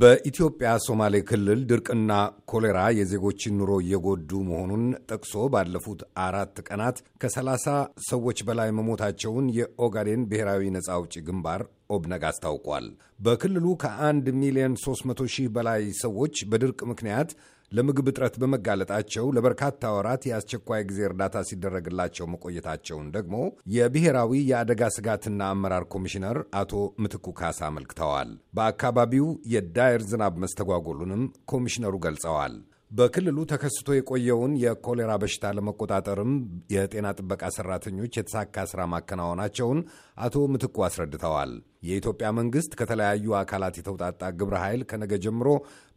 በኢትዮጵያ ሶማሌ ክልል ድርቅና ኮሌራ የዜጎችን ኑሮ እየጎዱ መሆኑን ጠቅሶ ባለፉት አራት ቀናት ከሰላሳ ሰዎች በላይ መሞታቸውን የኦጋዴን ብሔራዊ ነፃ አውጪ ግንባር ኦብነግ አስታውቋል። በክልሉ ከአንድ ሚሊዮን 300 ሺህ በላይ ሰዎች በድርቅ ምክንያት ለምግብ እጥረት በመጋለጣቸው ለበርካታ ወራት የአስቸኳይ ጊዜ እርዳታ ሲደረግላቸው መቆየታቸውን ደግሞ የብሔራዊ የአደጋ ስጋትና አመራር ኮሚሽነር አቶ ምትኩ ካሳ አመልክተዋል። በአካባቢው የዳየር ዝናብ መስተጓጎሉንም ኮሚሽነሩ ገልጸዋል። በክልሉ ተከስቶ የቆየውን የኮሌራ በሽታ ለመቆጣጠርም የጤና ጥበቃ ሰራተኞች የተሳካ ስራ ማከናወናቸውን አቶ ምትኩ አስረድተዋል። የኢትዮጵያ መንግስት ከተለያዩ አካላት የተውጣጣ ግብረ ኃይል ከነገ ጀምሮ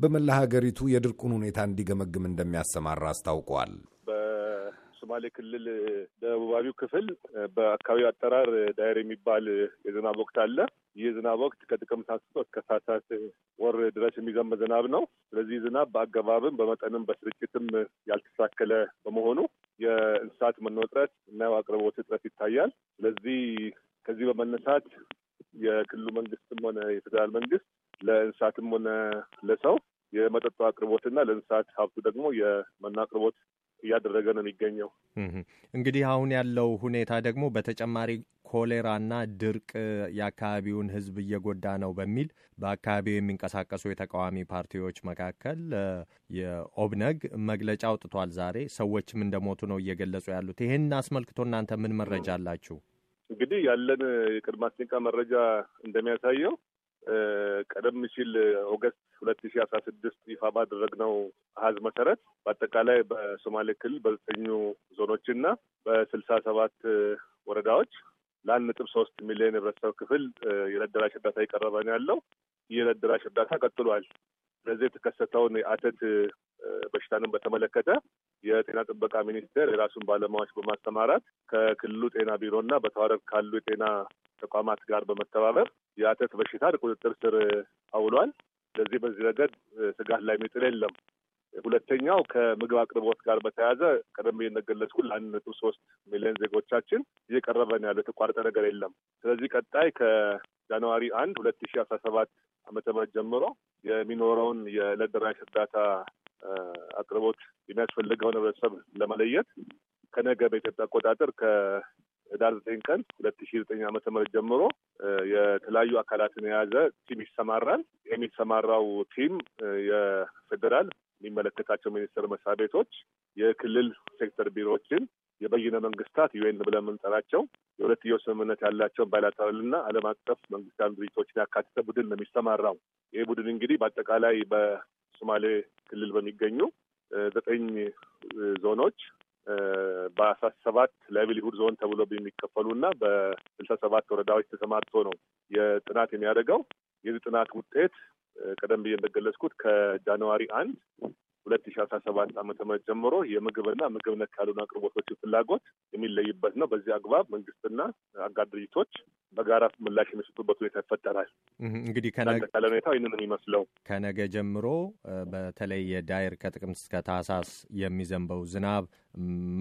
በመላ ሀገሪቱ የድርቁን ሁኔታ እንዲገመግም እንደሚያሰማራ አስታውቋል። በሶማሌ ክልል ደቡባዊው ክፍል በአካባቢው አጠራር ዳይር የሚባል የዝናብ ወቅት አለ። ይህ ዝናብ ወቅት ከጥቅምት አንስቶ እስከ ታህሳስ ወር ድረስ የሚዘም ዝናብ ነው። ስለዚህ ዝናብ በአገባብም በመጠንም በስርጭትም ያልተስተካከለ በመሆኑ የእንስሳት መኖ እጥረት እና አቅርቦት እጥረት ይታያል። ስለዚህ ከዚህ በመነሳት የክልሉ መንግስትም ሆነ የፌዴራል መንግስት ለእንስሳትም ሆነ ለሰው የመጠጡ አቅርቦትና ለእንስሳት ሀብቱ ደግሞ የመኖ አቅርቦት እያደረገ ነው የሚገኘው። እንግዲህ አሁን ያለው ሁኔታ ደግሞ በተጨማሪ ኮሌራና ድርቅ የአካባቢውን ሕዝብ እየጎዳ ነው በሚል በአካባቢው የሚንቀሳቀሱ የተቃዋሚ ፓርቲዎች መካከል የኦብነግ መግለጫ አውጥቷል ዛሬ። ሰዎችም እንደሞቱ ነው እየገለጹ ያሉት። ይህን አስመልክቶ እናንተ ምን መረጃ አላችሁ? እንግዲህ ያለን የቅድመ መረጃ እንደሚያሳየው ቀደም ሲል ኦገስት ሁለት ሺ አስራ ስድስት ይፋ ባደረግነው አሀዝ መሰረት በአጠቃላይ በሶማሌ ክልል በዘጠኙ ዞኖችና በስልሳ ሰባት ወረዳዎች ለአንድ ነጥብ ሶስት ሚሊዮን ህብረተሰብ ክፍል የዕለት ደራሽ እርዳታ እየቀረበ ነው ያለው። የዕለት ደራሽ እርዳታ ቀጥሏል። ስለዚህ የተከሰተውን የአተት በሽታንም በተመለከተ የጤና ጥበቃ ሚኒስቴር የራሱን ባለሙያዎች በማስተማራት ከክልሉ ጤና ቢሮና በተዋረድ ካሉ የጤና ተቋማት ጋር በመተባበር የአተት በሽታ ቁጥጥር ስር አውሏል። ስለዚህ በዚህ ረገድ ስጋት ላይ የሚጥል የለም። ሁለተኛው ከምግብ አቅርቦት ጋር በተያያዘ ቀደም ብዬ እንደገለጽኩ ለአንድ ነጥብ ሶስት ሚሊዮን ዜጎቻችን እየቀረበን ያለው የተቋረጠ ነገር የለም። ስለዚህ ቀጣይ ከጃንዋሪ አንድ ሁለት ሺ አስራ ሰባት ዓመተ ምህረት ጀምሮ የሚኖረውን የዕለት ደራሽ እርዳታ አቅርቦት የሚያስፈልገውን ህብረተሰብ ለመለየት ከነገ በኢትዮጵያ አቆጣጠር ህዳር ዘጠኝ ቀን ሁለት ሺ ዘጠኝ ዓመተ ምህረት ጀምሮ የተለያዩ አካላትን የያዘ ቲም ይሰማራል። የሚሰማራው ቲም የፌዴራል የሚመለከታቸው ሚኒስቴር መስሪያ ቤቶች፣ የክልል ሴክተር ቢሮዎችን፣ የበይነ መንግስታት ዩኤን ብለን የምንጠራቸው የሁለትዮሽ ስምምነት ያላቸውን ባይላተራልና ዓለም አቀፍ መንግስታዊ ድርጅቶችን ያካተተ ቡድን ነው የሚሰማራው። ይህ ቡድን እንግዲህ በአጠቃላይ በሶማሌ ክልል በሚገኙ ዘጠኝ ዞኖች በአስራ ሰባት ላይቭሊሁድ ዞን ተብሎ የሚከፈሉ እና በስልሳ ሰባት ወረዳዎች ተሰማርቶ ነው የጥናት የሚያደርገው። የዚህ ጥናት ውጤት ቀደም ብዬ እንደገለጽኩት ከጃንዋሪ አንድ ሁለት ሺ አስራ ሰባት ዓመተ ምህረት ጀምሮ የምግብና ምግብ ነክ ያልሆኑ አቅርቦቶች ፍላጎት የሚለይበት ነው። በዚህ አግባብ መንግስትና አጋር ድርጅቶች በጋራ ምላሽ የሚሰጡበት ሁኔታ ይፈጠራል። እንግዲህ ከነጠቃለ ሁኔታ ይህንን ይመስለው ከነገ ጀምሮ በተለይ የዳይር ከጥቅምት እስከ ታህሳስ የሚዘንበው ዝናብ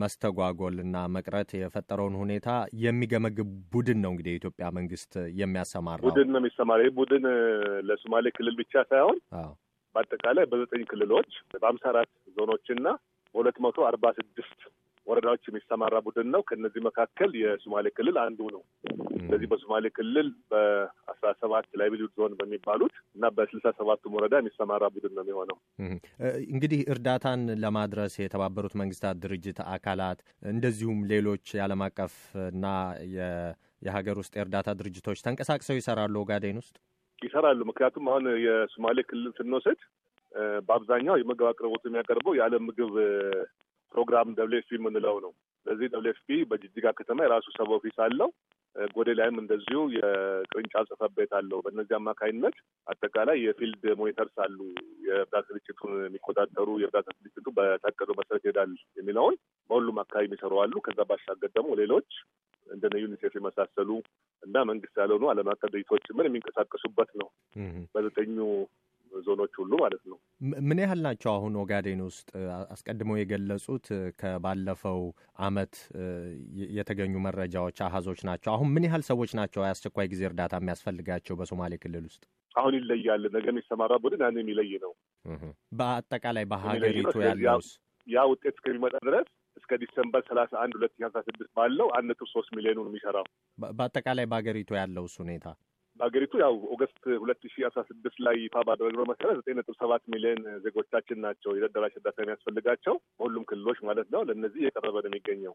መስተጓጎልና መቅረት የፈጠረውን ሁኔታ የሚገመግብ ቡድን ነው እንግዲህ የኢትዮጵያ መንግስት የሚያሰማራ ቡድን ነው የሚሰማራ። ይህ ቡድን ለሶማሌ ክልል ብቻ ሳይሆን በአጠቃላይ በዘጠኝ ክልሎች በአምሳ አራት ዞኖችና በሁለት መቶ አርባ ስድስት ወረዳዎች የሚሰማራ ቡድን ነው። ከእነዚህ መካከል የሶማሌ ክልል አንዱ ነው። ስለዚህ በሶማሌ ክልል በአስራ ሰባት ላይቤልሁድ ዞን በሚባሉት እና በስልሳ ሰባቱም ወረዳ የሚሰማራ ቡድን ነው የሚሆነው። እንግዲህ እርዳታን ለማድረስ የተባበሩት መንግስታት ድርጅት አካላት እንደዚሁም ሌሎች የዓለም አቀፍ እና የሀገር ውስጥ የእርዳታ ድርጅቶች ተንቀሳቅሰው ይሰራሉ። ኦጋዴን ውስጥ ይሰራሉ። ምክንያቱም አሁን የሶማሌ ክልል ስንወስድ በአብዛኛው የምግብ አቅርቦት የሚያቀርበው የዓለም ምግብ ፕሮግራም ደብሊው ኤፍ ፒ የምንለው ነው። ስለዚህ ደብሊው ኤፍ ፒ በጅጅጋ ከተማ የራሱ ሰብ ኦፊስ አለው። ጎዴ ላይም እንደዚሁ የቅርንጫፍ ጽፈቤት ቤት አለው። በእነዚህ አማካኝነት አጠቃላይ የፊልድ ሞኒተርስ አሉ፣ የእርዳታ ስርጭቱን የሚቆጣጠሩ የእርዳታ ስርጭቱ በታቀደው መሰረት ይሄዳል የሚለውን በሁሉም አካባቢ የሚሰሩ አሉ። ከዛ ባሻገር ደግሞ ሌሎች እንደነ ዩኒሴፍ የመሳሰሉ እና መንግስት ያልሆኑ ዓለም አቀፍ ድርጅቶች ምን የሚንቀሳቀሱበት ነው በዘጠኙ ዞኖች ሁሉ ማለት ነው። ምን ያህል ናቸው አሁን ኦጋዴን ውስጥ? አስቀድመው የገለጹት ከባለፈው አመት የተገኙ መረጃዎች አሀዞች ናቸው። አሁን ምን ያህል ሰዎች ናቸው የአስቸኳይ ጊዜ እርዳታ የሚያስፈልጋቸው በሶማሌ ክልል ውስጥ አሁን ይለያል። ነገ የሚሰማራ ቡድን ያን የሚለይ ነው። በአጠቃላይ በሀገሪቱ ያለውስ ያ ውጤት እስከሚመጣ ድረስ እስከ ዲሰምበር ሰላሳ አንድ ሁለት ሺህ አስራ ስድስት ባለው አንድ ነጥብ ሶስት ሚሊዮን ነው የሚሰራው። በአጠቃላይ በሀገሪቱ ያለው እሱ ሁኔታ በሀገሪቱ ያው ኦገስት ሁለት ሺ አስራ ስድስት ላይ ይፋ ባደረግነው መሰረት ዘጠኝ ነጥብ ሰባት ሚሊዮን ዜጎቻችን ናቸው የደደራሽ እርዳታ የሚያስፈልጋቸው በሁሉም ክልሎች ማለት ነው። ለእነዚህ የቀረበ ነው የሚገኘው።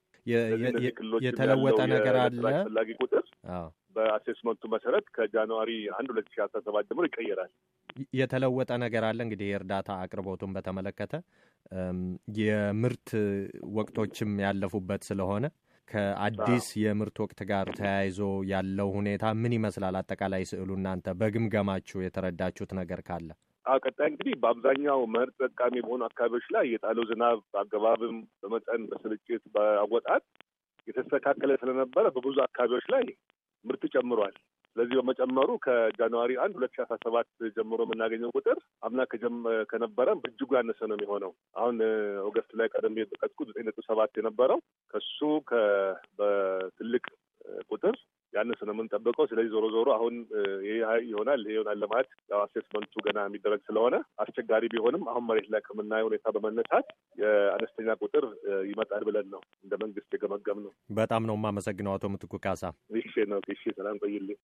የተለወጠ ነገር አለ አስፈላጊ ቁጥር በአሴስመንቱ መሰረት ከጃንዋሪ አንድ ሁለት ሺ አስራ ሰባት ጀምሮ ይቀየራል። የተለወጠ ነገር አለ እንግዲህ የእርዳታ አቅርቦቱን በተመለከተ የምርት ወቅቶችም ያለፉበት ስለሆነ ከአዲስ የምርት ወቅት ጋር ተያይዞ ያለው ሁኔታ ምን ይመስላል? አጠቃላይ ስዕሉ እናንተ በግምገማችሁ የተረዳችሁት ነገር ካለ ቀጣይ እንግዲህ በአብዛኛው መኸር ጠቃሚ በሆኑ አካባቢዎች ላይ የጣለው ዝናብ በአገባብም፣ በመጠን፣ በስርጭት፣ በአወጣት የተስተካከለ ስለነበረ በብዙ አካባቢዎች ላይ ምርት ጨምሯል። ለዚህ በመጨመሩ ከጃንዋሪ አንድ ሁለት ሺ አስራ ሰባት ጀምሮ የምናገኘው ቁጥር አምና ከነበረም በእጅጉ ያነሰ ነው የሚሆነው። አሁን ኦገስት ላይ ቀደም የጠቀስኩት ዘጠኝ ነጥብ ሰባት የነበረው ከሱ በትልቅ ቁጥር ያንን ስለምንጠብቀው። ስለዚህ ዞሮ ዞሮ አሁን ይሄ ይሆናል ይሄ ይሆናል ለማለት አሴስመንቱ ገና የሚደረግ ስለሆነ አስቸጋሪ ቢሆንም አሁን መሬት ላይ ከምናየው ሁኔታ በመነሳት የአነስተኛ ቁጥር ይመጣል ብለን ነው እንደ መንግስት የገመገም ነው። በጣም ነው የማመሰግነው አቶ ምትኩ ካሳ። ይሽ ነው ይሽ ሰላም ቆይልኝ።